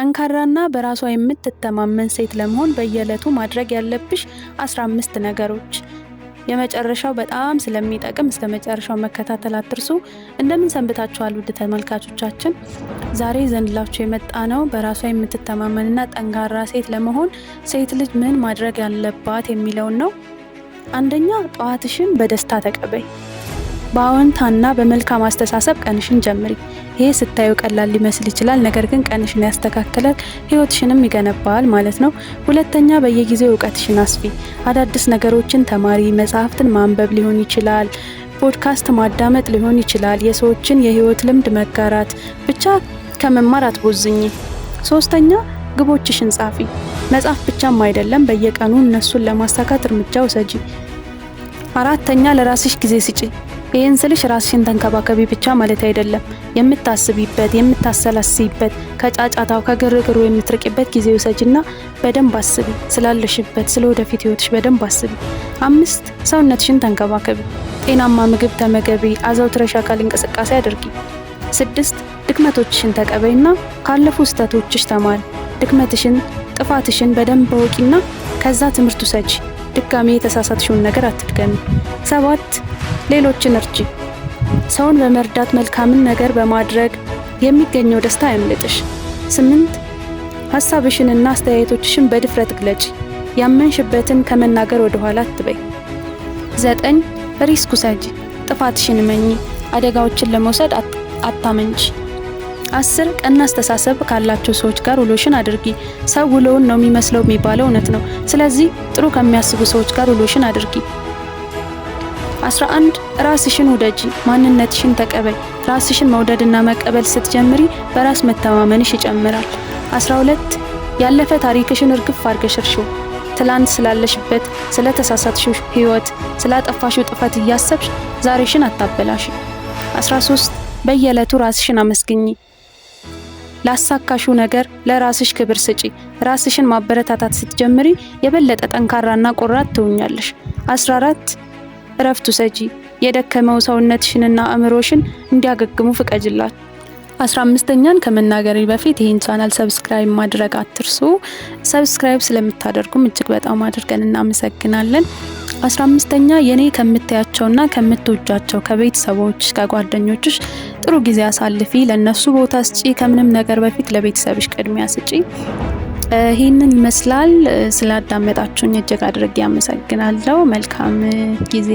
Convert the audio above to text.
ጠንካራና በራሷ የምትተማመን ሴት ለመሆን በየዕለቱ ማድረግ ያለብሽ 15 ነገሮች። የመጨረሻው በጣም ስለሚጠቅም እስከ መጨረሻው መከታተል አትርሱ። እንደምን ሰንብታችኋል ውድ ተመልካቾቻችን? ዛሬ ዘንድላችሁ የመጣ ነው በራሷ የምትተማመንና ጠንካራ ሴት ለመሆን ሴት ልጅ ምን ማድረግ ያለባት የሚለውን ነው። አንደኛ ጠዋትሽን በደስታ ተቀበይ። በአዎንታና በመልካም አስተሳሰብ ቀንሽን ጀምሪ። ይህ ስታዩ ቀላል ሊመስል ይችላል፣ ነገር ግን ቀንሽን ያስተካክላል፣ ህይወትሽንም ይገነባል ማለት ነው። ሁለተኛ፣ በየጊዜው እውቀትሽን አስፊ። አዳዲስ ነገሮችን ተማሪ። መጽሐፍትን ማንበብ ሊሆን ይችላል፣ ፖድካስት ማዳመጥ ሊሆን ይችላል፣ የሰዎችን የህይወት ልምድ መጋራት። ብቻ ከመማር አትቦዝኝ። ሶስተኛ፣ ግቦችሽን ጻፊ። መጻፍ ብቻም አይደለም፣ በየቀኑ እነሱን ለማሳካት እርምጃ ውሰጂ። አራተኛ፣ ለራስሽ ጊዜ ስጪ። ይህን ስልሽ ራስሽን ተንከባከቢ ብቻ ማለት አይደለም። የምታስቢበት፣ የምታሰላስይበት፣ ከጫጫታው ከግርግሩ የምትርቂበት ጊዜ ውሰጅና በደንብ አስቢ። ስላለሽበት፣ ስለ ወደፊት ህይወትሽ በደንብ አስቢ። አምስት ሰውነትሽን ተንከባከቢ። ጤናማ ምግብ ተመገቢ። አዘውትረሽ አካል እንቅስቃሴ አድርጊ። ስድስት ድክመቶችሽን ተቀበይና ካለፉ ስህተቶችሽ ተማሪ። ድክመትሽን ጥፋትሽን በደንብ እወቂና ከዛ ትምህርት ውሰጂ። ድጋሜ የተሳሳትሽውን ነገር አትድገሚ። ሰባት ሌሎችን እርጂ። ሰውን በመርዳት መልካምን ነገር በማድረግ የሚገኘው ደስታ አይምልጥሽ። ስምንት ሀሳብሽንና አስተያየቶችሽን በድፍረት ግለጪ። ያመንሽበትን ከመናገር ወደ ኋላ አትበይ። ዘጠኝ ሪስክ ውሰጂ። ጥፋትሽን መኚ። አደጋዎችን ለመውሰድ አታመንች። አስር ቀና አስተሳሰብ ካላቸው ሰዎች ጋር ውሎሽን አድርጊ። ሰው ውሎውን ነው የሚመስለው የሚባለው እውነት ነው። ስለዚህ ጥሩ ከሚያስቡ ሰዎች ጋር ውሎሽን አድርጊ። 11 ራስሽን ውደጂ፣ ማንነትሽን ተቀበይ። ራስሽን መውደድና መቀበል ስትጀምሪ በራስ መተማመንሽ ይጨምራል። 12 ያለፈ ታሪክሽን እርግፍ አድርገሽ እርሺው። ትላንት ስላለሽበት፣ ስለተሳሳትሽው ህይወት፣ ስላጠፋሽው ጥፋት እያሰብሽ ዛሬሽን አታበላሽ። 13 በየዕለቱ ራስሽን አመስግኝ። ላሳካሹ ነገር ለራስሽ ክብር ስጪ። ራስሽን ማበረታታት ስትጀምሪ የበለጠ ጠንካራና ቆራት ትሆኛለሽ። 14 እረፍቱ ሰጂ የደከመው ሰውነትሽንና አእምሮሽን እንዲያገግሙ ፍቀጅላት። አስራ አምስተኛን ከመናገሪ በፊት ይህን ቻናል ሰብስክራይብ ማድረግ አትርሱ። ሰብስክራይብ ስለምታደርጉም እጅግ በጣም አድርገን እናመሰግናለን። አስራ አምስተኛ የኔ ከምታያቸውና ከምትወጃቸው ከቤተሰቦች ከጓደኞችሽ ጥሩ ጊዜ አሳልፊ፣ ለእነሱ ቦታ ስጪ። ከምንም ነገር በፊት ለቤተሰብሽ ቅድሚያ ስጪ። ይህንን ይመስላል። ስላዳመጣችሁኝ እጅግ አድርጌ አመሰግናለሁ። መልካም ጊዜ